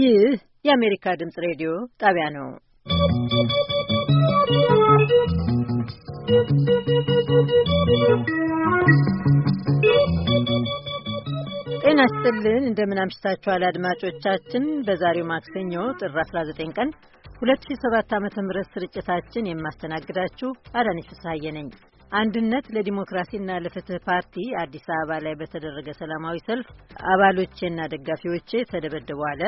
ይህ የአሜሪካ ድምጽ ሬዲዮ ጣቢያ ነው። ጤና ይስጥልን። እንደምን አምሽታችኋል አድማጮቻችን። በዛሬው ማክሰኞ ጥር 19 ቀን 2007 ዓ.ም ስርጭታችን የማስተናግዳችሁ አዳነች ፍስሐዬ ነኝ። አንድነት ለዲሞክራሲና ለፍትህ ፓርቲ አዲስ አበባ ላይ በተደረገ ሰላማዊ ሰልፍ አባሎቼና ደጋፊዎቼ ተደበደቡ አለ።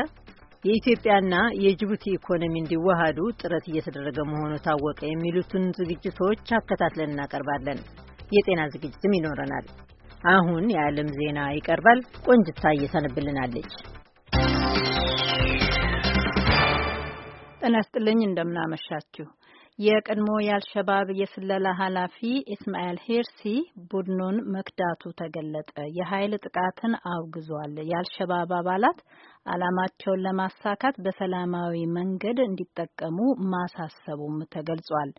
የኢትዮጵያና የጅቡቲ ኢኮኖሚ እንዲዋሃዱ ጥረት እየተደረገ መሆኑ ታወቀ። የሚሉትን ዝግጅቶች አከታትለን እናቀርባለን። የጤና ዝግጅትም ይኖረናል። አሁን የዓለም ዜና ይቀርባል። ቆንጅታ እየሰንብልናለች። ጤና ይስጥልኝ እንደምናመሻችሁ የቀድሞ የአልሸባብ የስለላ ኃላፊ ኢስማኤል ሄርሲ ቡድኑን መክዳቱ ተገለጠ። የኃይል ጥቃትን አውግዟል። የአልሸባብ አባላት ዓላማቸውን ለማሳካት በሰላማዊ መንገድ እንዲጠቀሙ ማሳሰቡም ተገልጿል።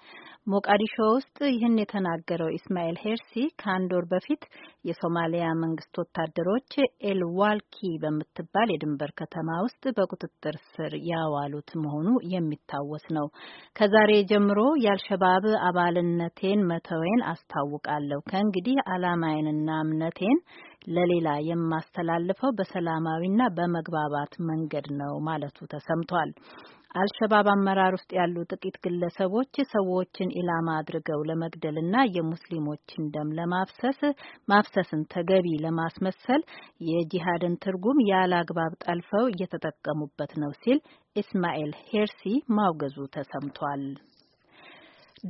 ሞቃዲሾ ውስጥ ይህን የተናገረው ኢስማኤል ሄርሲ ከአንድ ወር በፊት የሶማሊያ መንግስት ወታደሮች ኤልዋልኪ በምትባል የድንበር ከተማ ውስጥ በቁጥጥር ስር ያዋሉት መሆኑ የሚታወስ ነው። ከዛሬ ጀምሮ የአልሸባብ አባልነቴን መተዌን አስታውቃለሁ። ከእንግዲህ ዓላማዬንና እምነቴን ለሌላ የማስተላልፈው በሰላማዊና በመግባባት መንገድ ነው ማለቱ ተሰምቷል። አልሸባብ አመራር ውስጥ ያሉ ጥቂት ግለሰቦች ሰዎችን ኢላማ አድርገው ለመግደልና የሙስሊሞችን ደም ለማፍሰስ ማፍሰስን ተገቢ ለማስመሰል የጂሃድን ትርጉም ያለ አግባብ ጠልፈው እየተጠቀሙበት ነው ሲል ኢስማኤል ሄርሲ ማውገዙ ተሰምቷል።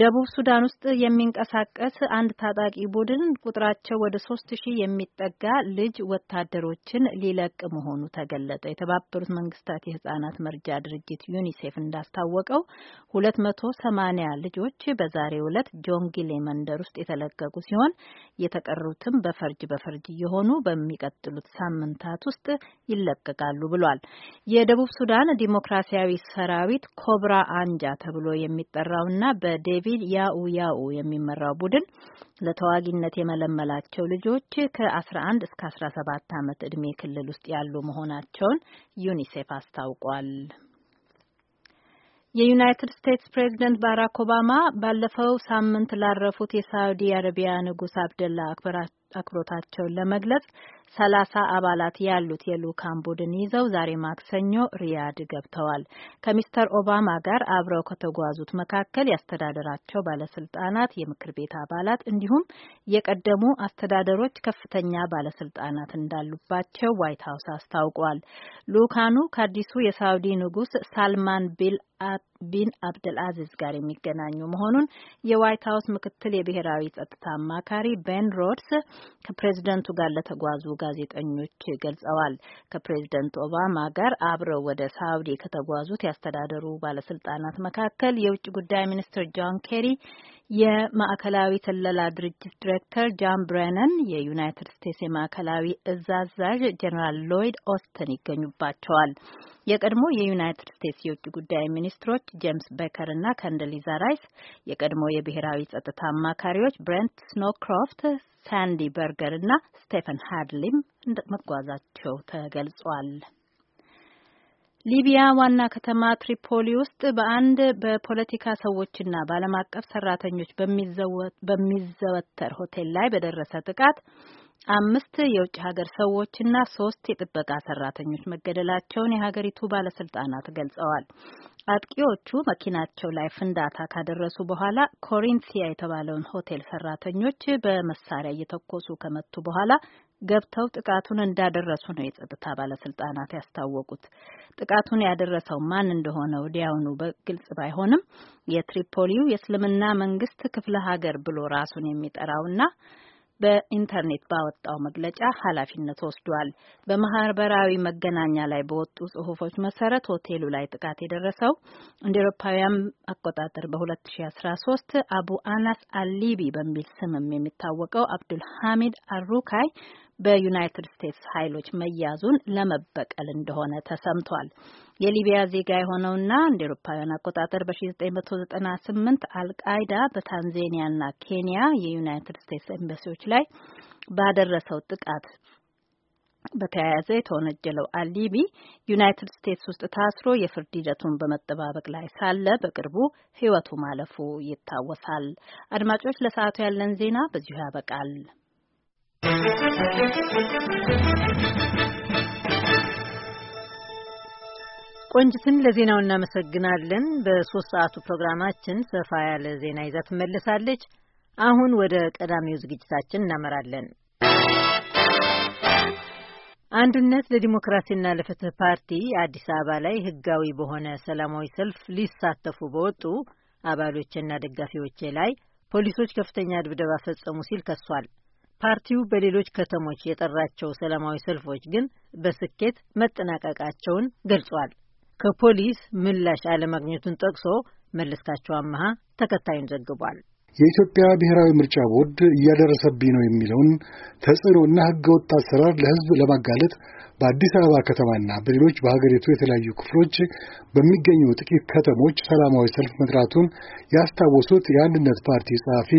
ደቡብ ሱዳን ውስጥ የሚንቀሳቀስ አንድ ታጣቂ ቡድን ቁጥራቸው ወደ ሶስት ሺህ የሚጠጋ ልጅ ወታደሮችን ሊለቅ መሆኑ ተገለጠ። የተባበሩት መንግስታት የህጻናት መርጃ ድርጅት ዩኒሴፍ እንዳስታወቀው ሁለት መቶ ሰማኒያ ልጆች በዛሬው ዕለት ጆንጊሌ መንደር ውስጥ የተለቀቁ ሲሆን የተቀሩትም በፈርጅ በፈርጅ እየሆኑ በሚቀጥሉት ሳምንታት ውስጥ ይለቀቃሉ ብሏል። የደቡብ ሱዳን ዲሞክራሲያዊ ሰራዊት ኮብራ አንጃ ተብሎ የሚጠራውና በዴ ዴቪድ ያኡ ያኡ የሚመራው ቡድን ለተዋጊነት የመለመላቸው ልጆች ከ11 እስከ 17 ዓመት ዕድሜ ክልል ውስጥ ያሉ መሆናቸውን ዩኒሴፍ አስታውቋል። የዩናይትድ ስቴትስ ፕሬዝደንት ባራክ ኦባማ ባለፈው ሳምንት ላረፉት የሳውዲ አረቢያ ንጉስ አብደላ አክብሮታቸውን ለመግለጽ ሰላሳ አባላት ያሉት የልኡካን ቡድን ይዘው ዛሬ ማክሰኞ ሪያድ ገብተዋል። ከሚስተር ኦባማ ጋር አብረው ከተጓዙት መካከል ያስተዳደራቸው ባለስልጣናት፣ የምክር ቤት አባላት እንዲሁም የቀደሙ አስተዳደሮች ከፍተኛ ባለስልጣናት እንዳሉባቸው ዋይት ሀውስ አስታውቋል። ልኡካኑ ከአዲሱ የሳውዲ ንጉስ ሳልማን ቢን አዚዝ ጋር የሚገናኙ መሆኑን የዋይት ሀውስ ምክትል የብሔራዊ ጸጥታ አማካሪ ቤን ሮድስ ከፕሬዝደንቱ ጋር ለተጓዙ ጋዜጠኞች ገልጸዋል። ከፕሬዝደንት ኦባማ ጋር አብረው ወደ ሳውዲ ከተጓዙት ያስተዳደሩ ባለስልጣናት መካከል የውጭ ጉዳይ ሚኒስትር ጆን ኬሪ የማዕከላዊ ስለላ ድርጅት ዲሬክተር ጃን ብሬነን፣ የዩናይትድ ስቴትስ የማዕከላዊ እዝ አዛዥ ጀኔራል ሎይድ ኦስተን ይገኙባቸዋል። የቀድሞ የዩናይትድ ስቴትስ የውጭ ጉዳይ ሚኒስትሮች ጄምስ ቤከር እና ከንደሊዛ ራይስ፣ የቀድሞ የብሔራዊ ጸጥታ አማካሪዎች ብሬንት ስኖክሮፍት፣ ሳንዲ በርገር እና ስቴፈን ሃድሊም መጓዛቸው ተገልጿል። ሊቢያ ዋና ከተማ ትሪፖሊ ውስጥ በአንድ በፖለቲካ ሰዎችና በዓለም አቀፍ ሰራተኞች በሚዘወተር ሆቴል ላይ በደረሰ ጥቃት አምስት የውጭ ሀገር ሰዎችና ሶስት የጥበቃ ሰራተኞች መገደላቸውን የሀገሪቱ ባለስልጣናት ገልጸዋል። አጥቂዎቹ መኪናቸው ላይ ፍንዳታ ካደረሱ በኋላ ኮሪንቲያ የተባለውን ሆቴል ሰራተኞች በመሳሪያ እየተኮሱ ከመቱ በኋላ ገብተው ጥቃቱን እንዳደረሱ ነው የጸጥታ ባለስልጣናት ያስታወቁት። ጥቃቱን ያደረሰው ማን እንደሆነ ወዲያውኑ በግልጽ ባይሆንም የትሪፖሊው የእስልምና መንግስት ክፍለ ሀገር ብሎ ራሱን የሚጠራውና በኢንተርኔት ባወጣው መግለጫ ኃላፊነት ወስዷል። በማህበራዊ መገናኛ ላይ በወጡ ጽሁፎች መሰረት ሆቴሉ ላይ ጥቃት የደረሰው እንደ ኤሮፓውያን አቆጣጠር በ2013 አቡ አናስ አሊቢ በሚል ስምም የሚታወቀው አብዱል ሐሚድ አሩካይ በዩናይትድ ስቴትስ ኃይሎች መያዙን ለመበቀል እንደሆነ ተሰምቷል። የሊቢያ ዜጋ የሆነውና እንደ ኤሮፓውያን አቆጣጠር በ1998 አልቃይዳ በታንዜኒያና ኬንያ የዩናይትድ ስቴትስ ኤምባሲዎች ላይ ባደረሰው ጥቃት በተያያዘ የተወነጀለው አሊቢ ዩናይትድ ስቴትስ ውስጥ ታስሮ የፍርድ ሂደቱን በመጠባበቅ ላይ ሳለ በቅርቡ ሕይወቱ ማለፉ ይታወሳል። አድማጮች፣ ለሰዓቱ ያለን ዜና በዚሁ ያበቃል። ቆንጅትን ለዜናው እናመሰግናለን። በሶስት ሰዓቱ ፕሮግራማችን ሰፋ ያለ ዜና ይዛ ትመለሳለች። አሁን ወደ ቀዳሚው ዝግጅታችን እናመራለን። አንድነት ለዲሞክራሲና ለፍትህ ፓርቲ አዲስ አበባ ላይ ህጋዊ በሆነ ሰላማዊ ሰልፍ ሊሳተፉ በወጡ አባሎቼና ደጋፊዎቼ ላይ ፖሊሶች ከፍተኛ ድብደባ ፈጸሙ ሲል ከሷል። ፓርቲው በሌሎች ከተሞች የጠራቸው ሰላማዊ ሰልፎች ግን በስኬት መጠናቀቃቸውን ገልጿል። ከፖሊስ ምላሽ አለማግኘቱን ጠቅሶ መለስካቸው አመሃ ተከታዩን ዘግቧል። የኢትዮጵያ ብሔራዊ ምርጫ ቦርድ እያደረሰብኝ ነው የሚለውን ተጽዕኖና ህገወጥ አሰራር ለህዝብ ለማጋለጥ በአዲስ አበባ ከተማና በሌሎች በሀገሪቱ የተለያዩ ክፍሎች በሚገኙ ጥቂት ከተሞች ሰላማዊ ሰልፍ መጥራቱን ያስታወሱት የአንድነት ፓርቲ ጸሐፊ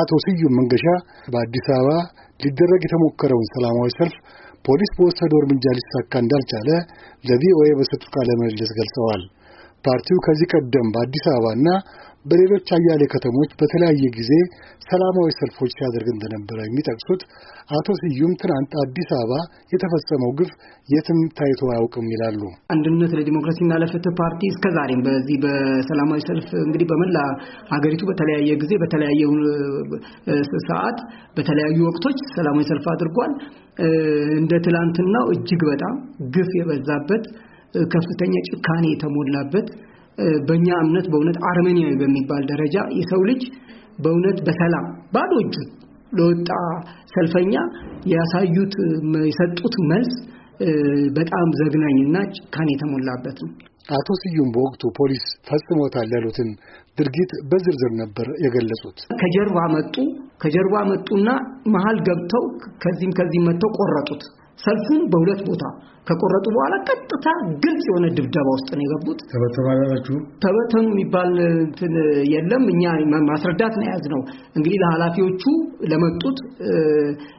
አቶ ስዩም መንገሻ በአዲስ አበባ ሊደረግ የተሞከረውን ሰላማዊ ሰልፍ ፖሊስ በወሰደው እርምጃ ሊሳካ እንዳልቻለ ለቪኦኤ በሰጡት ቃለ ምልልስ ገልጸዋል። ፓርቲው ከዚህ ቀደም በአዲስ አበባና በሌሎች አያሌ ከተሞች በተለያየ ጊዜ ሰላማዊ ሰልፎች ሲያደርግ እንደነበረ የሚጠቅሱት አቶ ስዩም ትናንት አዲስ አበባ የተፈጸመው ግፍ የትም ታይቶ አያውቅም ይላሉ። አንድነት ለዲሞክራሲና ለፍትህ ፓርቲ እስከ ዛሬም በዚህ በሰላማዊ ሰልፍ እንግዲህ በመላ ሀገሪቱ በተለያየ ጊዜ በተለያየ ሰዓት በተለያዩ ወቅቶች ሰላማዊ ሰልፍ አድርጓል። እንደ ትላንትናው እጅግ በጣም ግፍ የበዛበት ከፍተኛ ጭካኔ የተሞላበት በእኛ እምነት በእውነት አርመኒያዊ በሚባል ደረጃ የሰው ልጅ በእውነት በሰላም ባዶ ለወጣ ሰልፈኛ ያሳዩት የሰጡት መልስ በጣም ዘግናኝና ጭካን የተሞላበት ነው። አቶ ስዩም በወቅቱ ፖሊስ ፈጽሞታል ያሉትን ድርጊት በዝርዝር ነበር የገለጹት። ከጀርባ መጡ ከጀርባ መጡና መሀል ገብተው ከዚህም ከዚህም መጥተው ቆረጡት። ሰልፉን በሁለት ቦታ ከቆረጡ በኋላ ቀጥታ ግልጽ የሆነ ድብደባ ውስጥ ነው የገቡት። ተበተባላችሁ ተበተኑ የሚባል እንትን የለም። እኛ ማስረዳት ነው የያዝነው። እንግዲህ ለኃላፊዎቹ ለመጡት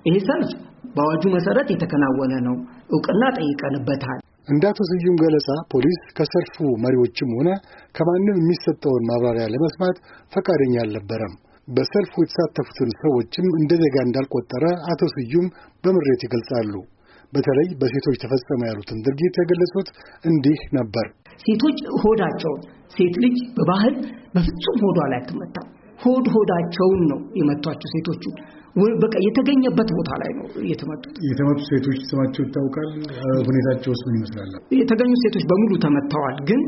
ይሄ ሰልፍ በአዋጁ መሰረት የተከናወነ ነው፣ እውቅና ጠይቀንበታል። እንደ አቶ ስዩም ገለጻ ፖሊስ ከሰልፉ መሪዎችም ሆነ ከማንም የሚሰጠውን ማብራሪያ ለመስማት ፈቃደኛ አልነበረም። በሰልፉ የተሳተፉትን ሰዎችም እንደ ዜጋ እንዳልቆጠረ አቶ ስዩም በምሬት ይገልጻሉ። በተለይ በሴቶች ተፈጸመ ያሉትን ድርጊት የገለጹት እንዲህ ነበር። ሴቶች ሆዳቸውን ሴት ልጅ በባህል በፍጹም ሆዷ ላይ አትመታም። ሆድ ሆዳቸውን ነው የመቷቸው ሴቶቹ። በቃ የተገኘበት ቦታ ላይ ነው የተመጡት። የተመጡ ሴቶች ስማቸው ይታወቃል። ሁኔታቸው ውስጥ ምን ይመስላል? የተገኙ ሴቶች በሙሉ ተመተዋል። ግን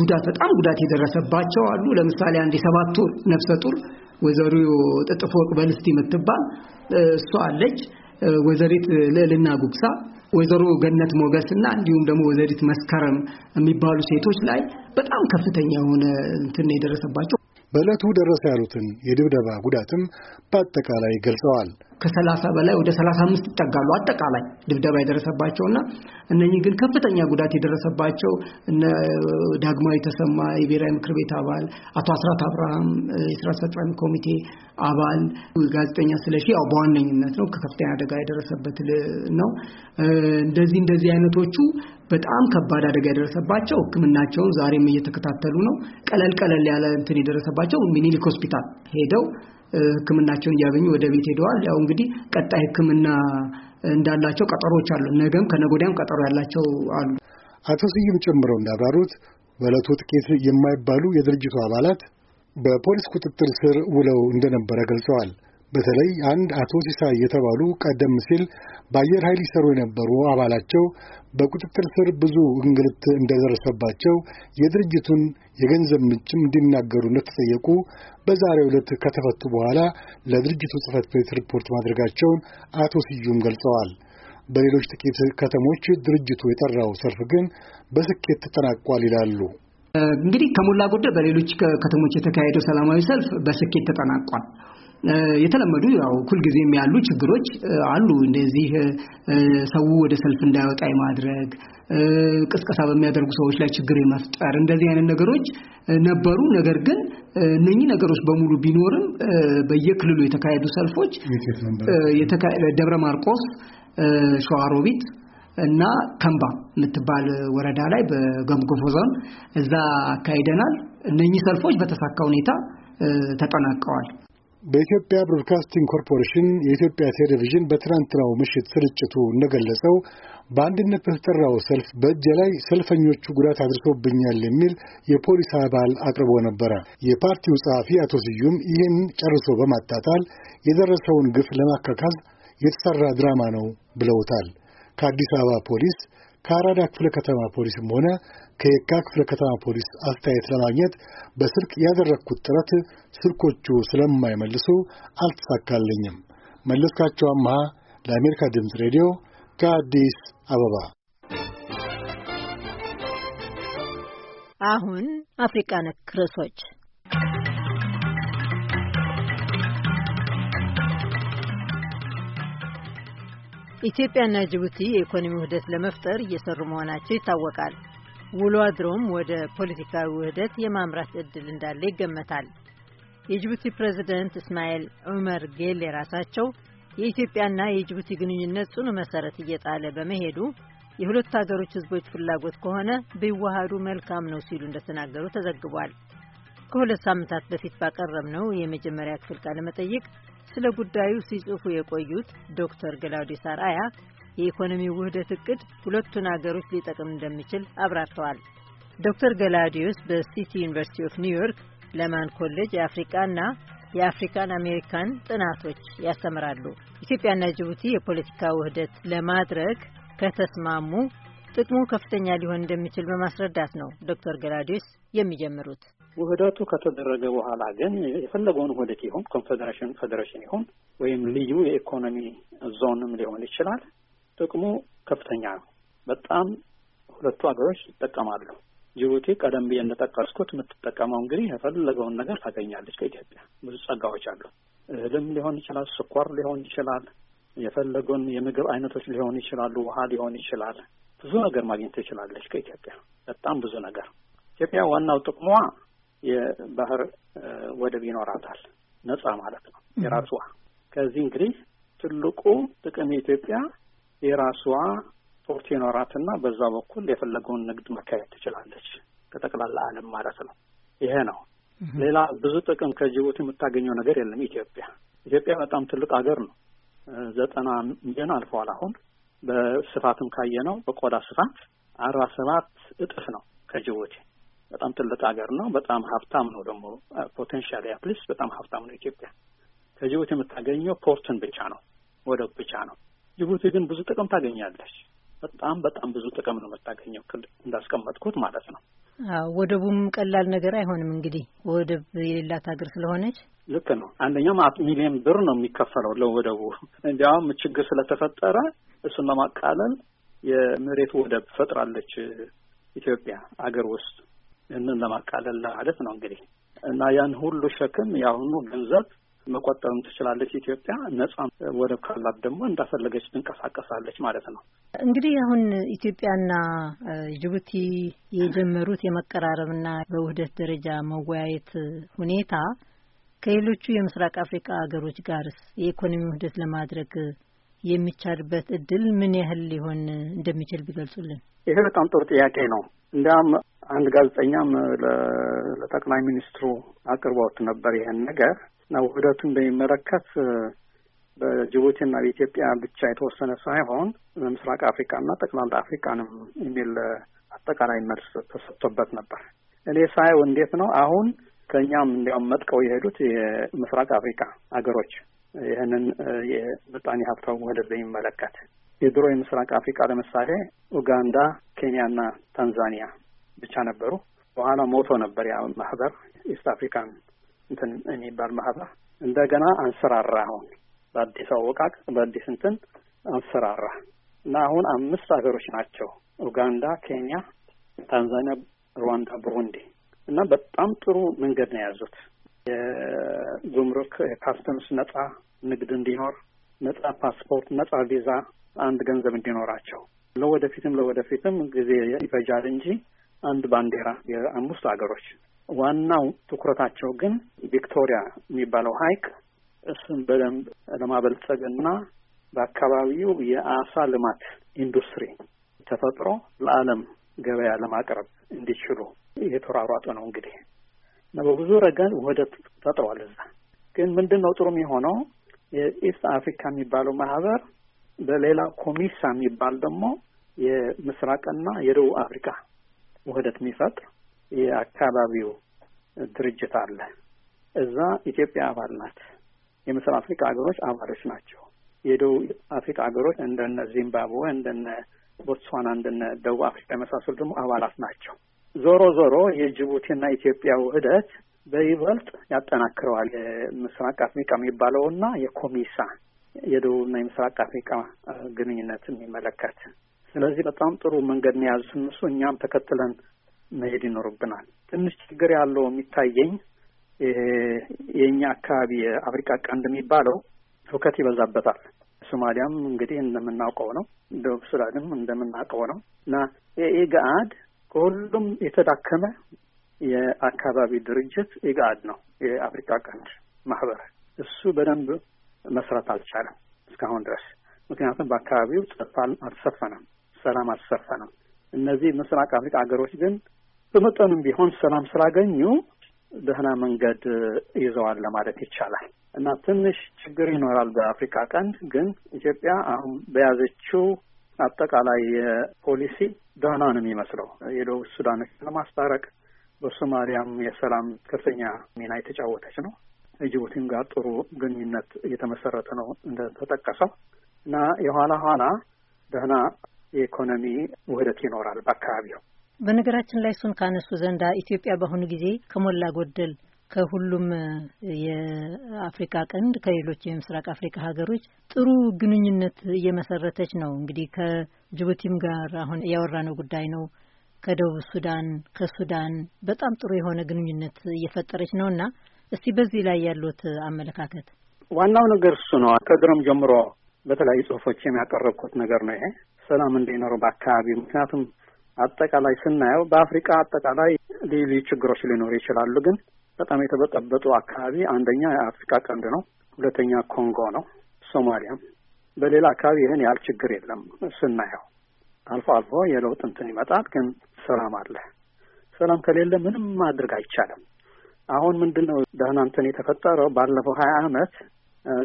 ጉዳት በጣም ጉዳት የደረሰባቸው አሉ። ለምሳሌ አንድ የሰባት ወር ነፍሰ ጡር ወይዘሮ ጥጥፎ ቅበልስት የምትባል እሷ አለች። ወይዘሪት ልዕልና ጉግሳ፣ ወይዘሮ ገነት ሞገስና እንዲሁም ደግሞ ወይዘሪት መስከረም የሚባሉ ሴቶች ላይ በጣም ከፍተኛ የሆነ እንትን የደረሰባቸው በዕለቱ ደረሰ ያሉትን የድብደባ ጉዳትም በአጠቃላይ ገልጸዋል። ከሰላሳ በላይ ወደ ሰላሳ አምስት ይጠጋሉ አጠቃላይ ድብደባ የደረሰባቸውና እነኚህ ግን ከፍተኛ ጉዳት የደረሰባቸው እነ ዳግማዊ ተሰማ የብሔራዊ ምክር ቤት አባል፣ አቶ አስራት አብርሃም የስራ አስፈጻሚ ኮሚቴ አባል፣ ጋዜጠኛ ስለሺ ያው በዋነኝነት ነው ከፍተኛ አደጋ የደረሰበት ነው። እንደዚህ እንደዚህ አይነቶቹ በጣም ከባድ አደጋ የደረሰባቸው ሕክምናቸውን ዛሬም እየተከታተሉ ነው። ቀለል ቀለል ያለ እንትን የደረሰባቸው ሚኒሊክ ሆስፒታል ሄደው ህክምናቸውን እያገኙ ወደ ቤት ሄደዋል። ያው እንግዲህ ቀጣይ ህክምና እንዳላቸው ቀጠሮች አሉ። ነገም ከነጎዳም ቀጠሮ ያላቸው አሉ። አቶ ስዩም ጨምረው እንዳብራሩት በዕለቱ ጥቂት የማይባሉ የድርጅቱ አባላት በፖሊስ ቁጥጥር ስር ውለው እንደነበረ ገልጸዋል። በተለይ አንድ አቶ ሲሳይ የተባሉ ቀደም ሲል በአየር ኃይል ይሰሩ የነበሩ አባላቸው በቁጥጥር ስር ብዙ እንግልት እንደደረሰባቸው የድርጅቱን የገንዘብ ምንጭም እንዲናገሩ እንደተጠየቁ በዛሬ ዕለት ከተፈቱ በኋላ ለድርጅቱ ጽሕፈት ቤት ሪፖርት ማድረጋቸውን አቶ ስዩም ገልጸዋል። በሌሎች ጥቂት ከተሞች ድርጅቱ የጠራው ሰልፍ ግን በስኬት ተጠናቋል ይላሉ። እንግዲህ ከሞላ ጎደል በሌሎች ከተሞች የተካሄደው ሰላማዊ ሰልፍ በስኬት ተጠናቋል። የተለመዱ ያው ሁልጊዜም ያሉ ችግሮች አሉ። እንደዚህ ሰው ወደ ሰልፍ እንዳይወጣ የማድረግ ቅስቀሳ በሚያደርጉ ሰዎች ላይ ችግር የመፍጠር እንደዚህ አይነት ነገሮች ነበሩ። ነገር ግን እነኚህ ነገሮች በሙሉ ቢኖርም በየክልሉ የተካሄዱ ሰልፎች ደብረ ማርቆስ፣ ሸዋሮቢት እና ከምባ የምትባል ወረዳ ላይ በገምጎፎ ዞን እዛ አካሂደናል። እነኚህ ሰልፎች በተሳካ ሁኔታ ተጠናቀዋል። በኢትዮጵያ ብሮድካስቲንግ ኮርፖሬሽን የኢትዮጵያ ቴሌቪዥን በትናንትናው ምሽት ስርጭቱ እንደገለጸው በአንድነት በተጠራው ሰልፍ በእጄ ላይ ሰልፈኞቹ ጉዳት አድርሶብኛል የሚል የፖሊስ አባል አቅርቦ ነበረ። የፓርቲው ጸሐፊ አቶ ስዩም ይህን ጨርሶ በማጣጣል የደረሰውን ግፍ ለማካካዝ የተሰራ ድራማ ነው ብለውታል። ከአዲስ አበባ ፖሊስ ከአራዳ ክፍለ ከተማ ፖሊስም ሆነ ከየካ ክፍለ ከተማ ፖሊስ አስተያየት ለማግኘት በስልክ ያደረግኩት ጥረት ስልኮቹ ስለማይመልሱ አልተሳካልኝም። መለስካቸው አምሃ ለአሜሪካ ድምፅ ሬዲዮ ከአዲስ አበባ። አሁን አፍሪቃ ነክ ርዕሶች ኢትዮጵያና ጅቡቲ የኢኮኖሚ ውህደት ለመፍጠር እየሰሩ መሆናቸው ይታወቃል። ውሎ አድሮም ወደ ፖለቲካዊ ውህደት የማምራት እድል እንዳለ ይገመታል። የጅቡቲ ፕሬዝደንት እስማኤል ዑመር ጌሌ የራሳቸው የኢትዮጵያና የጅቡቲ ግንኙነት ጽኑ መሰረት እየጣለ በመሄዱ የሁለቱ ሀገሮች ህዝቦች ፍላጎት ከሆነ ቢዋሃዱ መልካም ነው ሲሉ እንደተናገሩ ተዘግቧል። ከሁለት ሳምንታት በፊት ባቀረብነው የመጀመሪያ ክፍል ቃለ መጠይቅ ስለ ጉዳዩ ሲጽፉ የቆዩት ዶክተር ገላውዴ ሳርአያ የኢኮኖሚ ውህደት እቅድ ሁለቱን አገሮች ሊጠቅም እንደሚችል አብራርተዋል። ዶክተር ገላዲዮስ በሲቲ ዩኒቨርሲቲ ኦፍ ኒውዮርክ ለማን ኮሌጅ የአፍሪቃና የአፍሪካን አሜሪካን ጥናቶች ያስተምራሉ። ኢትዮጵያና ጅቡቲ የፖለቲካ ውህደት ለማድረግ ከተስማሙ ጥቅሙ ከፍተኛ ሊሆን እንደሚችል በማስረዳት ነው ዶክተር ገላዲዮስ የሚጀምሩት። ውህደቱ ከተደረገ በኋላ ግን የፈለገውን ውህደት ይሁን ኮንፌዴሬሽን፣ ፌዴሬሽን ይሁን ወይም ልዩ የኢኮኖሚ ዞንም ሊሆን ይችላል ጥቅሙ ከፍተኛ ነው። በጣም ሁለቱ ሀገሮች ይጠቀማሉ። ጅቡቲ ቀደም ብዬ እንደጠቀስኩት የምትጠቀመው እንግዲህ የፈለገውን ነገር ታገኛለች። ከኢትዮጵያ ብዙ ጸጋዎች አሉ። እህልም ሊሆን ይችላል፣ ስኳር ሊሆን ይችላል፣ የፈለገውን የምግብ አይነቶች ሊሆን ይችላሉ፣ ውሃ ሊሆን ይችላል። ብዙ ነገር ማግኘት ትችላለች ከኢትዮጵያ በጣም ብዙ ነገር። ኢትዮጵያ ዋናው ጥቅሟ የባህር ወደብ ይኖራታል፣ ነጻ ማለት ነው የራሷ። ከዚህ እንግዲህ ትልቁ ጥቅም የኢትዮጵያ የራሷ ፖርት ይኖራትና በዛ በኩል የፈለገውን ንግድ ማካሄድ ትችላለች፣ ከጠቅላላ ዓለም ማለት ነው። ይሄ ነው። ሌላ ብዙ ጥቅም ከጅቡቲ የምታገኘው ነገር የለም። ኢትዮጵያ ኢትዮጵያ በጣም ትልቅ ሀገር ነው። ዘጠና ሚሊዮን አልፏል። አሁን በስፋትም ካየ ነው በቆዳ ስፋት አርባ ሰባት እጥፍ ነው ከጅቡቲ። በጣም ትልቅ ሀገር ነው። በጣም ሀብታም ነው ደግሞ ፖቴንሻል ያፕሊስ በጣም ሀብታም ነው ኢትዮጵያ። ከጅቡቲ የምታገኘው ፖርትን ብቻ ነው፣ ወደብ ብቻ ነው። ጅቡቲ ግን ብዙ ጥቅም ታገኛለች። በጣም በጣም ብዙ ጥቅም ነው የምታገኘው እንዳስቀመጥኩት ማለት ነው። ወደቡም ቀላል ነገር አይሆንም እንግዲህ ወደብ የሌላት ሀገር ስለሆነች ልክ ነው። አንደኛውም ሚሊዮን ብር ነው የሚከፈለው ለወደቡ። እንዲያውም ችግር ስለተፈጠረ እሱን ለማቃለል የመሬት ወደብ ፈጥራለች ኢትዮጵያ አገር ውስጥ። ይህንን ለማቃለል ማለት ነው እንግዲህ እና ያን ሁሉ ሸክም የአሁኑ ገንዘብ መቆጠብም ትችላለች። ኢትዮጵያ ነጻ ወደብ ካላት ደግሞ እንዳፈለገች ትንቀሳቀሳለች ማለት ነው። እንግዲህ አሁን ኢትዮጵያና ጅቡቲ የጀመሩት የመቀራረብና በውህደት ደረጃ መወያየት ሁኔታ ከሌሎቹ የምስራቅ አፍሪካ ሀገሮች ጋርስ የኢኮኖሚ ውህደት ለማድረግ የሚቻልበት እድል ምን ያህል ሊሆን እንደሚችል ቢገልጹልን። ይሄ በጣም ጥሩ ጥያቄ ነው። እንዲያውም አንድ ጋዜጠኛም ለጠቅላይ ሚኒስትሩ አቅርቦት ነበር ይሄን ነገር ና ውህደቱን በሚመለከት በጅቡቲና በኢትዮጵያ ብቻ የተወሰነ ሳይሆን ምስራቅ አፍሪካና ጠቅላላ አፍሪካንም የሚል አጠቃላይ መልስ ተሰጥቶበት ነበር። እኔ ሳየው እንዴት ነው አሁን ከእኛም እንዲያውም መጥቀው የሄዱት የምስራቅ አፍሪካ አገሮች ይህንን የምጣኔ ሀብታዊ ውህደት በሚመለከት የድሮ የምስራቅ አፍሪካ ለምሳሌ ኡጋንዳ፣ ኬንያና ታንዛኒያ ብቻ ነበሩ። በኋላ ሞቶ ነበር ያ ማህበር ኢስት አፍሪካን እንትን የሚባል ማህበር እንደገና አንሰራራ። አሁን በአዲስ አወቃቅ በአዲስ እንትን አንሰራራ እና አሁን አምስት ሀገሮች ናቸው ኡጋንዳ፣ ኬንያ፣ ታንዛኒያ፣ ሩዋንዳ፣ ቡሩንዲ እና በጣም ጥሩ መንገድ ነው የያዙት። የጉምሩክ የካስተምስ ነጻ ንግድ እንዲኖር፣ ነጻ ፓስፖርት፣ ነጻ ቪዛ፣ አንድ ገንዘብ እንዲኖራቸው ለወደፊትም ለወደፊትም ጊዜ ይፈጃል እንጂ አንድ ባንዲራ የአምስቱ ሀገሮች ዋናው ትኩረታቸው ግን ቪክቶሪያ የሚባለው ሀይቅ እሱን በደንብ ለማበልጸግ እና በአካባቢው የአሳ ልማት ኢንዱስትሪ ተፈጥሮ ለዓለም ገበያ ለማቅረብ እንዲችሉ የተሯሯጡ ነው። እንግዲህ እና በብዙ ረገድ ውህደት ፈጥሯል። እዛ ግን ምንድን ነው ጥሩም የሆነው የኢስት አፍሪካ የሚባለው ማህበር በሌላ ኮሚሳ የሚባል ደግሞ የምስራቅና የደቡብ አፍሪካ ውህደት የሚፈጥር የአካባቢው ድርጅት አለ። እዛ ኢትዮጵያ አባል ናት። የምስራቅ አፍሪካ ሀገሮች አባሎች ናቸው። የደቡብ አፍሪካ ሀገሮች እንደነ ዚምባብዌ፣ እንደነ ቦትስዋና፣ እንደነ ደቡብ አፍሪካ የመሳሰሉ ደግሞ አባላት ናቸው። ዞሮ ዞሮ የጅቡቲና ኢትዮጵያ ውህደት በይበልጥ ያጠናክረዋል የምስራቅ አፍሪካ የሚባለውና የኮሚሳ የደቡብና የምስራቅ አፍሪካ ግንኙነት የሚመለከት ስለዚህ በጣም ጥሩ መንገድ ነው የያዙት እነሱ። እኛም ተከትለን መሄድ ይኖርብናል። ትንሽ ችግር ያለው የሚታየኝ የእኛ አካባቢ የአፍሪካ ቀንድ የሚባለው ሁከት ይበዛበታል። ሶማሊያም እንግዲህ እንደምናውቀው ነው፣ ደቡብ ሱዳንም እንደምናውቀው ነው እና የኢግአድ ከሁሉም የተዳከመ የአካባቢ ድርጅት ኢግአድ ነው። የአፍሪካ ቀንድ ማህበር እሱ በደንብ መስራት አልቻለም እስካሁን ድረስ ምክንያቱም በአካባቢው ጸጥታ አልተሰፈነም፣ ሰላም አልተሰፈነም። እነዚህ ምስራቅ አፍሪካ ሀገሮች ግን በመጠኑም ቢሆን ሰላም ስላገኙ ደህና መንገድ ይዘዋል ለማለት ይቻላል እና ትንሽ ችግር ይኖራል በአፍሪካ ቀንድ ግን ኢትዮጵያ አሁን በያዘችው አጠቃላይ ፖሊሲ ደህና ነው የሚመስለው። የደቡብ ሱዳኖች ለማስታረቅ በሶማሊያም የሰላም ከፍተኛ ሚና የተጫወተች ነው። ጅቡቲም ጋር ጥሩ ግንኙነት እየተመሰረተ ነው እንደተጠቀሰው እና የኋላ ኋላ ደህና የኢኮኖሚ ውህደት ይኖራል በአካባቢው። በነገራችን ላይ እሱን ካነሱ ዘንዳ ኢትዮጵያ በአሁኑ ጊዜ ከሞላ ጎደል ከሁሉም የአፍሪካ ቀንድ ከሌሎች የምስራቅ አፍሪካ ሀገሮች ጥሩ ግንኙነት እየመሰረተች ነው። እንግዲህ ከጅቡቲም ጋር አሁን ያወራነው ጉዳይ ነው። ከደቡብ ሱዳን፣ ከሱዳን በጣም ጥሩ የሆነ ግንኙነት እየፈጠረች ነው እና እስቲ በዚህ ላይ ያሉት አመለካከት። ዋናው ነገር እሱ ነው። ከድሮም ጀምሮ በተለያዩ ጽሁፎች የሚያቀረብኩት ነገር ነው። ይሄ ሰላም እንዲኖሩ በአካባቢ ምክንያቱም አጠቃላይ ስናየው በአፍሪካ አጠቃላይ ልዩ ልዩ ችግሮች ሊኖሩ ይችላሉ። ግን በጣም የተበጠበጡ አካባቢ አንደኛ የአፍሪካ ቀንድ ነው፣ ሁለተኛ ኮንጎ ነው፣ ሶማሊያም። በሌላ አካባቢ ይህን ያህል ችግር የለም ስናየው። አልፎ አልፎ የለውጥ እንትን ይመጣል፣ ግን ሰላም አለ። ሰላም ከሌለ ምንም ማድረግ አይቻልም። አሁን ምንድን ነው ደህና እንትን የተፈጠረው ባለፈው ሀያ አመት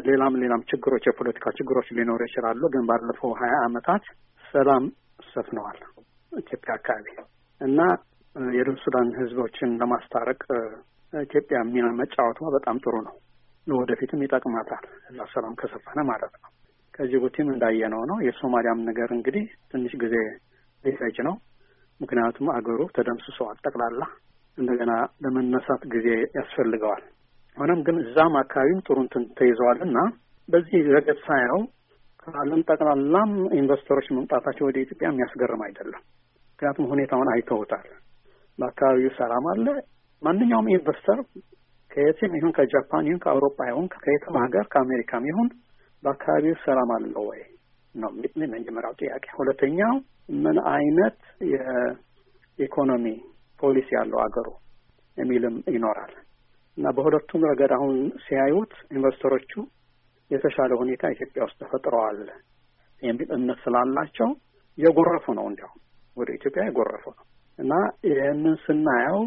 ሌላም ሌላም ችግሮች የፖለቲካ ችግሮች ሊኖሩ ይችላሉ። ግን ባለፈው ሀያ አመታት ሰላም ሰፍነዋል። ኢትዮጵያ አካባቢ እና የደቡብ ሱዳን ህዝቦችን ለማስታረቅ ኢትዮጵያ ሚና መጫወቷ በጣም ጥሩ ነው። ለወደፊትም ይጠቅማታል። እዛ ሰላም ከሰፈነ ማለት ነው። ከጅቡቲም እንዳየነው ነው። የሶማሊያም ነገር እንግዲህ ትንሽ ጊዜ ሊፈጅ ነው። ምክንያቱም አገሩ ተደምስሰዋል ጠቅላላ እንደገና ለመነሳት ጊዜ ያስፈልገዋል። ሆነም ግን እዛም አካባቢም ጥሩ እንትን ተይዘዋል እና በዚህ ረገድ ሳየው ከዓለም ጠቅላላም ኢንቨስተሮች መምጣታቸው ወደ ኢትዮጵያ የሚያስገርም አይደለም። ምክንያቱም ሁኔታውን አይተውታል። በአካባቢው ሰላም አለ። ማንኛውም ኢንቨስተር ከየትም ይሁን ከጃፓን ይሁን ከአውሮፓ ይሁን ከየትም ሀገር ከአሜሪካም ይሁን በአካባቢው ሰላም አለው ወይ ነው የመጀመሪያው ጥያቄ። ሁለተኛው ምን አይነት የኢኮኖሚ ፖሊሲ ያለው አገሩ የሚልም ይኖራል እና በሁለቱም ረገድ አሁን ሲያዩት ኢንቨስተሮቹ የተሻለ ሁኔታ ኢትዮጵያ ውስጥ ተፈጥረዋል የሚል እምነት ስላላቸው የጎረፉ ነው እንዲያውም ወደ ኢትዮጵያ የጎረፈው ነው እና ይህንን ስናየው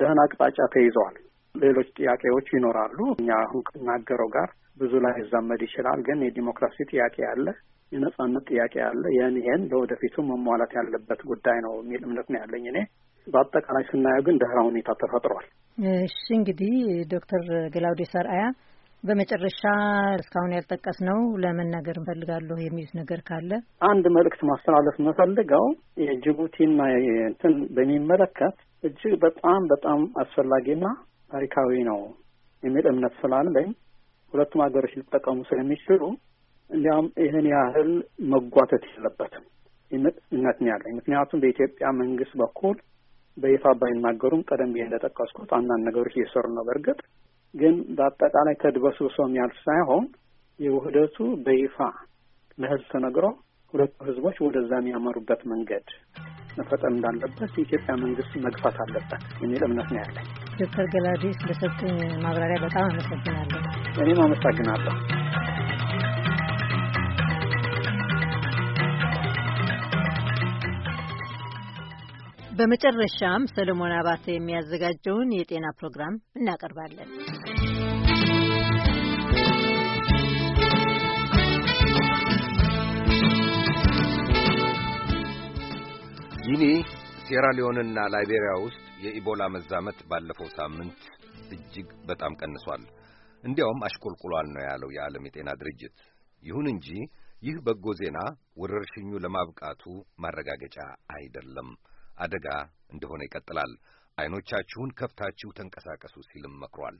ደህና አቅጣጫ ተይዘዋል። ሌሎች ጥያቄዎች ይኖራሉ። እኛ አሁን ከናገረው ጋር ብዙ ላይ ይዛመድ ይችላል። ግን የዲሞክራሲ ጥያቄ አለ፣ የነጻነት ጥያቄ አለ። ይህን ይሄን ለወደፊቱ መሟላት ያለበት ጉዳይ ነው የሚል እምነት ነው ያለኝ እኔ። በአጠቃላይ ስናየው ግን ደህና ሁኔታ ተፈጥሯል። እሺ እንግዲህ ዶክተር ገላውዴ ሰርአያ በመጨረሻ እስካሁን ያልጠቀስነው ለመናገር እንፈልጋለሁ የሚሉት ነገር ካለ አንድ መልእክት ማስተላለፍ የምፈልገው የጅቡቲና እንትን በሚመለከት እጅግ በጣም በጣም አስፈላጊና ታሪካዊ ነው የሚል እምነት ስላለኝ ሁለቱም ሀገሮች ሊጠቀሙ ስለሚችሉ እንዲያውም ይህን ያህል መጓተት የለበትም የሚል እምነት ነው ያለኝ። ምክንያቱም በኢትዮጵያ መንግስት በኩል በይፋ ባይናገሩም ቀደም ብዬ እንደጠቀስኩት አንዳንድ ነገሮች እየሰሩ ነው። በእርግጥ ግን በአጠቃላይ ተድበስብሶ የሚያልፍ ሳይሆን የውህደቱ በይፋ ለህዝብ ተነግሮ ሁለቱ ህዝቦች ወደዛ የሚያመሩበት መንገድ መፈጠር እንዳለበት የኢትዮጵያ መንግስት መግፋት አለበት የሚል እምነት ነው ያለኝ። ዶክተር ገላዲስ ለሰጡኝ ማብራሪያ በጣም አመሰግናለሁ። እኔም አመሰግናለሁ። በመጨረሻም ሰለሞን አባተ የሚያዘጋጀውን የጤና ፕሮግራም እናቀርባለን። ጊኒ፣ ሴራሊዮንና ላይቤሪያ ውስጥ የኢቦላ መዛመት ባለፈው ሳምንት እጅግ በጣም ቀንሷል፣ እንዲያውም አሽቆልቁሏል ነው ያለው የዓለም የጤና ድርጅት። ይሁን እንጂ ይህ በጎ ዜና ወረርሽኙ ለማብቃቱ ማረጋገጫ አይደለም። አደጋ እንደሆነ ይቀጥላል። አይኖቻችሁን ከፍታችሁ ተንቀሳቀሱ ሲልም መክሯል።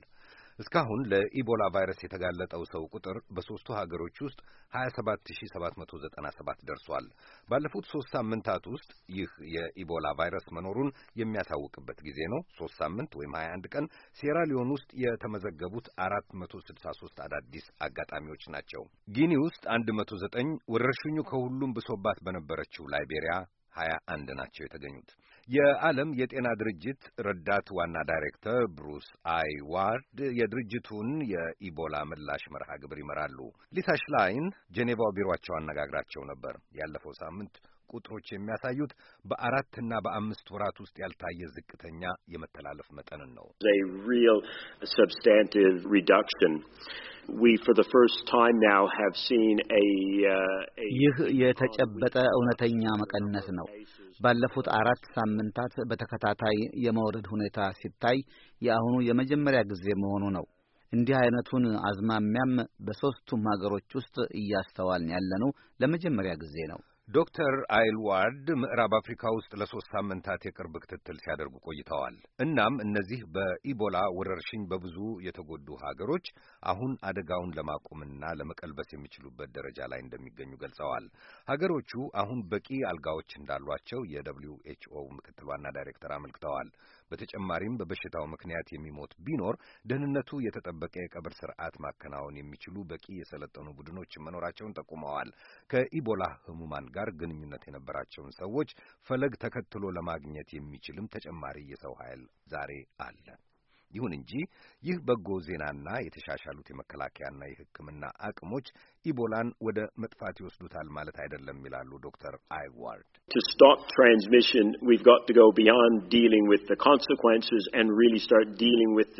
እስካሁን ለኢቦላ ቫይረስ የተጋለጠው ሰው ቁጥር በሦስቱ ሀገሮች ውስጥ 27797 ደርሷል። ባለፉት ሦስት ሳምንታት ውስጥ ይህ የኢቦላ ቫይረስ መኖሩን የሚያሳውቅበት ጊዜ ነው። ሦስት ሳምንት ወይም 21 ቀን ሴራሊዮን ውስጥ የተመዘገቡት 463 አዳዲስ አጋጣሚዎች ናቸው። ጊኒ ውስጥ 109፣ ወረርሽኙ ከሁሉም ብሶባት በነበረችው ላይቤሪያ ሀያ አንድ ናቸው የተገኙት። የዓለም የጤና ድርጅት ረዳት ዋና ዳይሬክተር ብሩስ አይ ዋርድ የድርጅቱን የኢቦላ ምላሽ መርሃ ግብር ይመራሉ። ሊሳ ሽላይን ጄኔቫው ቢሮቸው አነጋግራቸው ነበር ያለፈው ሳምንት ቁጥሮች የሚያሳዩት በአራትና በአምስት ወራት ውስጥ ያልታየ ዝቅተኛ የመተላለፍ መጠንን ነው። uh, ይህ የተጨበጠ እውነተኛ መቀነስ ነው። ባለፉት አራት ሳምንታት በተከታታይ የመውረድ ሁኔታ ሲታይ የአሁኑ የመጀመሪያ ጊዜ መሆኑ ነው። እንዲህ አይነቱን አዝማሚያም በሦስቱም ሀገሮች ውስጥ እያስተዋልን ያለነው ለመጀመሪያ ጊዜ ነው። ዶክተር አይልዋርድ ምዕራብ አፍሪካ ውስጥ ለሶስት ሳምንታት የቅርብ ክትትል ሲያደርጉ ቆይተዋል። እናም እነዚህ በኢቦላ ወረርሽኝ በብዙ የተጎዱ ሀገሮች አሁን አደጋውን ለማቆምና ለመቀልበስ የሚችሉበት ደረጃ ላይ እንደሚገኙ ገልጸዋል። ሀገሮቹ አሁን በቂ አልጋዎች እንዳሏቸው የደብሊው ኤች ኦ ምክትል ዋና ዳይሬክተር አመልክተዋል። በተጨማሪም በበሽታው ምክንያት የሚሞት ቢኖር ደህንነቱ የተጠበቀ የቀብር ስርዓት ማከናወን የሚችሉ በቂ የሰለጠኑ ቡድኖች መኖራቸውን ጠቁመዋል። ከኢቦላ ህሙማን ጋር ግንኙነት የነበራቸውን ሰዎች ፈለግ ተከትሎ ለማግኘት የሚችልም ተጨማሪ የሰው ኃይል ዛሬ አለ። ይሁን እንጂ ይህ በጎ ዜናና የተሻሻሉት የመከላከያና የሕክምና አቅሞች ኢቦላን ወደ መጥፋት ይወስዱታል ማለት አይደለም ይላሉ ዶክተር አይዋርድ።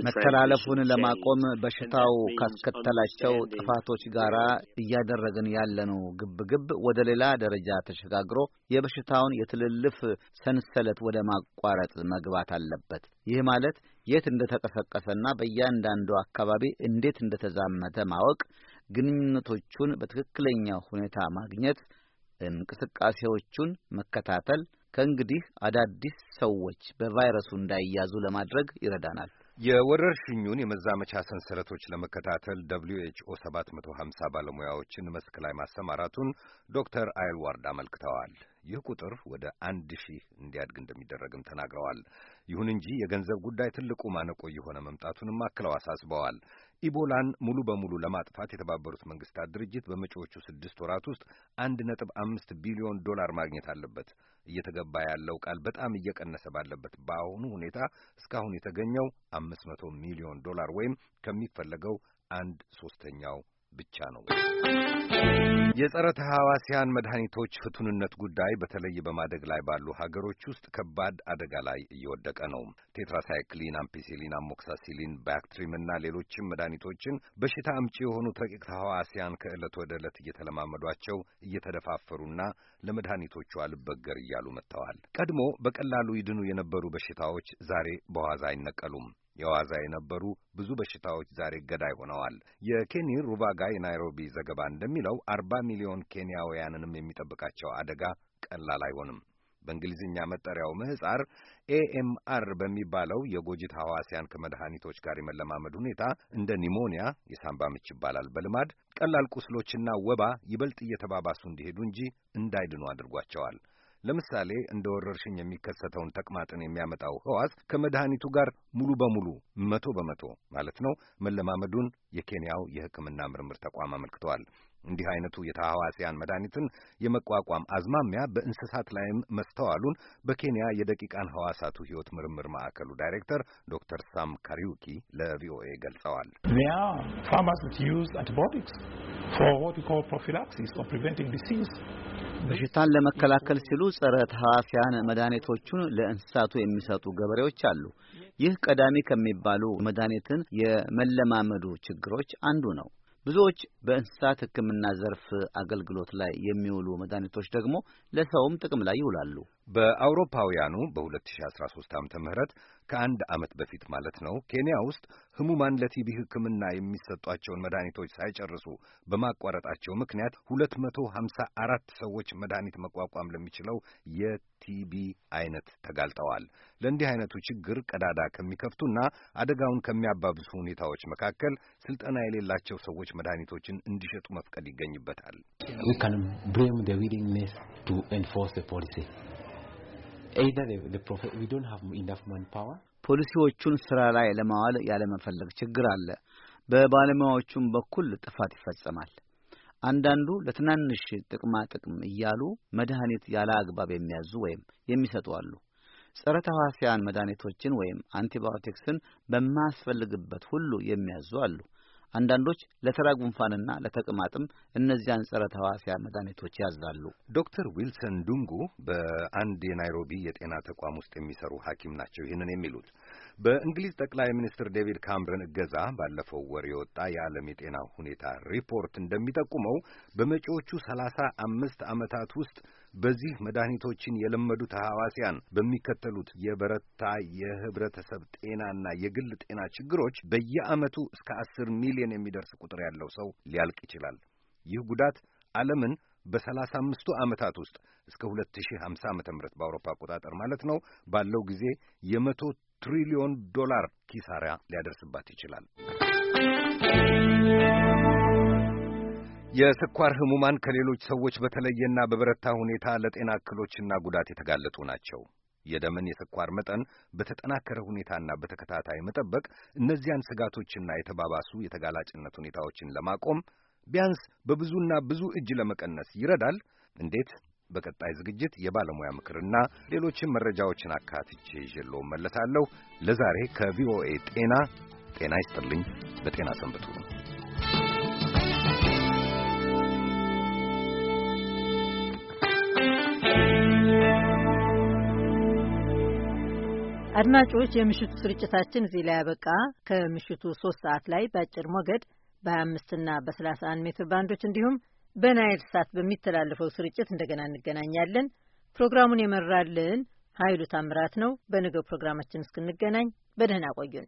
መተላለፉን ለማቆም በሽታው ካስከተላቸው ጥፋቶች ጋር እያደረግን ያለነው ግብግብ ወደ ሌላ ደረጃ ተሸጋግሮ የበሽታውን የትልልፍ ሰንሰለት ወደ ማቋረጥ መግባት አለበት። ይህ ማለት የት እንደተቀሰቀሰና በእያንዳንዱ አካባቢ እንዴት እንደተዛመተ ማወቅ፣ ግንኙነቶቹን በትክክለኛ ሁኔታ ማግኘት፣ እንቅስቃሴዎቹን መከታተል ከእንግዲህ አዳዲስ ሰዎች በቫይረሱ እንዳይያዙ ለማድረግ ይረዳናል። የወረርሽኙን የመዛመቻ ሰንሰለቶች ለመከታተል ደብሊዩ ኤችኦ 750 ባለሙያዎችን መስክ ላይ ማሰማራቱን ዶክተር አይልዋርድ አመልክተዋል። ይህ ቁጥር ወደ አንድ ሺህ እንዲያድግ እንደሚደረግም ተናግረዋል። ይሁን እንጂ የገንዘብ ጉዳይ ትልቁ ማነቆ የሆነ መምጣቱንም አክለው አሳስበዋል። ኢቦላን ሙሉ በሙሉ ለማጥፋት የተባበሩት መንግስታት ድርጅት በመጪዎቹ ስድስት ወራት ውስጥ አንድ ነጥብ አምስት ቢሊዮን ዶላር ማግኘት አለበት። እየተገባ ያለው ቃል በጣም እየቀነሰ ባለበት በአሁኑ ሁኔታ እስካሁን የተገኘው አምስት መቶ ሚሊዮን ዶላር ወይም ከሚፈለገው አንድ ሶስተኛው ብቻ ነው። የጸረ ተሐዋስያን መድኃኒቶች ፍቱንነት ጉዳይ በተለይ በማደግ ላይ ባሉ ሀገሮች ውስጥ ከባድ አደጋ ላይ እየወደቀ ነው። ቴትራሳይክሊን፣ አምፒሲሊን፣ አሞክሳሲሊን፣ ባክትሪም እና ሌሎችም መድኃኒቶችን በሽታ አምጪ የሆኑት ረቂቅ ተሐዋስያን ከዕለት ወደ ዕለት እየተለማመዷቸው እየተደፋፈሩና ለመድኃኒቶቹ አልበገር እያሉ መጥተዋል። ቀድሞ በቀላሉ ይድኑ የነበሩ በሽታዎች ዛሬ በዋዛ አይነቀሉም። የዋዛ የነበሩ ብዙ በሽታዎች ዛሬ ገዳይ ሆነዋል። የኬኒ ሩባጋ የናይሮቢ ዘገባ እንደሚለው አርባ ሚሊዮን ኬንያውያንንም የሚጠብቃቸው አደጋ ቀላል አይሆንም። በእንግሊዝኛ መጠሪያው ምህፃር ኤኤምአር በሚባለው የጎጂት ሐዋሲያን ከመድኃኒቶች ጋር የመለማመድ ሁኔታ እንደ ኒሞኒያ የሳምባ ምች ይባላል በልማድ ቀላል ቁስሎችና ወባ ይበልጥ እየተባባሱ እንዲሄዱ እንጂ እንዳይድኑ አድርጓቸዋል። ለምሳሌ እንደ ወረርሽኝ የሚከሰተውን ተቅማጥን የሚያመጣው ህዋስ ከመድኃኒቱ ጋር ሙሉ በሙሉ መቶ በመቶ ማለት ነው መለማመዱን የኬንያው የሕክምና ምርምር ተቋም አመልክተዋል። እንዲህ አይነቱ የተሐዋስያን መድኃኒትን የመቋቋም አዝማሚያ በእንስሳት ላይም መስተዋሉን በኬንያ የደቂቃን ህዋሳቱ ህይወት ምርምር ማዕከሉ ዳይሬክተር ዶክተር ሳም ካሪዩኪ ለቪኦኤ ገልጸዋል። በሽታን ለመከላከል ሲሉ ጸረ ተህዋሲያን መድኃኒቶቹን ለእንስሳቱ የሚሰጡ ገበሬዎች አሉ። ይህ ቀዳሚ ከሚባሉ መድኃኒትን የመለማመዱ ችግሮች አንዱ ነው። ብዙዎች በእንስሳት ሕክምና ዘርፍ አገልግሎት ላይ የሚውሉ መድኃኒቶች ደግሞ ለሰውም ጥቅም ላይ ይውላሉ። በአውሮፓውያኑ በ2013 ዓ ም ከአንድ ዓመት በፊት ማለት ነው ኬንያ ውስጥ ህሙማን ለቲቢ ሕክምና የሚሰጧቸውን መድኃኒቶች ሳይጨርሱ በማቋረጣቸው ምክንያት ሁለት መቶ ሀምሳ አራት ሰዎች መድኃኒት መቋቋም ለሚችለው የቲቢ አይነት ተጋልጠዋል። ለእንዲህ አይነቱ ችግር ቀዳዳ ከሚከፍቱና አደጋውን ከሚያባብሱ ሁኔታዎች መካከል ስልጠና የሌላቸው ሰዎች መድኃኒቶችን እንዲሸጡ መፍቀድ ይገኝበታል። ፖሊሲዎቹን ስራ ላይ ለማዋል ያለመፈለግ ችግር አለ። በባለሙያዎቹም በኩል ጥፋት ይፈጸማል። አንዳንዱ ለትናንሽ ጥቅማ ጥቅም እያሉ መድኃኒት ያለ አግባብ የሚያዙ ወይም የሚሰጡ አሉ። ጸረ ተህዋሲያን መድኃኒቶችን ወይም አንቲባዮቲክስን በማያስፈልግበት ሁሉ የሚያዙ አሉ። አንዳንዶች ለተራ ጉንፋንና ለተቅማጥም እነዚያን ጸረ ተህዋሲያን መድኃኒቶች ያዛሉ። ዶክተር ዊልሰን ዱንጉ በአንድ የናይሮቢ የጤና ተቋም ውስጥ የሚሰሩ ሐኪም ናቸው። ይህንን የሚሉት በእንግሊዝ ጠቅላይ ሚኒስትር ዴቪድ ካምረን እገዛ ባለፈው ወር የወጣ የዓለም የጤና ሁኔታ ሪፖርት እንደሚጠቁመው በመጪዎቹ ሰላሳ አምስት ዓመታት ውስጥ በዚህ መድኃኒቶችን የለመዱት ሐዋሲያን በሚከተሉት የበረታ የህብረተሰብ ጤናና የግል ጤና ችግሮች በየዓመቱ እስከ አስር ሚሊዮን የሚደርስ ቁጥር ያለው ሰው ሊያልቅ ይችላል። ይህ ጉዳት ዓለምን በሰላሳ አምስቱ ዓመታት ውስጥ እስከ 2050 ዓመተ ምህረት በአውሮፓ አቆጣጠር ማለት ነው ባለው ጊዜ የመቶ ትሪሊዮን ዶላር ኪሳራ ሊያደርስባት ይችላል። የስኳር ህሙማን ከሌሎች ሰዎች በተለየና በበረታ ሁኔታ ለጤና እክሎችና ጉዳት የተጋለጡ ናቸው። የደምን የስኳር መጠን በተጠናከረ ሁኔታና በተከታታይ መጠበቅ እነዚያን ስጋቶችና የተባባሱ የተጋላጭነት ሁኔታዎችን ለማቆም ቢያንስ በብዙና ብዙ እጅ ለመቀነስ ይረዳል። እንዴት? በቀጣይ ዝግጅት የባለሙያ ምክርና ሌሎችን መረጃዎችን አካትቼ ይዤሎ መለሳለሁ። ለዛሬ ከቪኦኤ ጤና ጤና ይስጥልኝ። በጤና ሰንብቱ ነው አድማጮች፣ የምሽቱ ስርጭታችን እዚህ ላይ ያበቃ። ከምሽቱ ሶስት ሰዓት ላይ በአጭር ሞገድ በ25 እና በ31 ሜትር ባንዶች እንዲሁም በናይል ሳት በሚተላለፈው ስርጭት እንደገና እንገናኛለን። ፕሮግራሙን የመራልን ኃይሉ ታምራት ነው። በነገው ፕሮግራማችን እስክንገናኝ በደህና ቆዩን።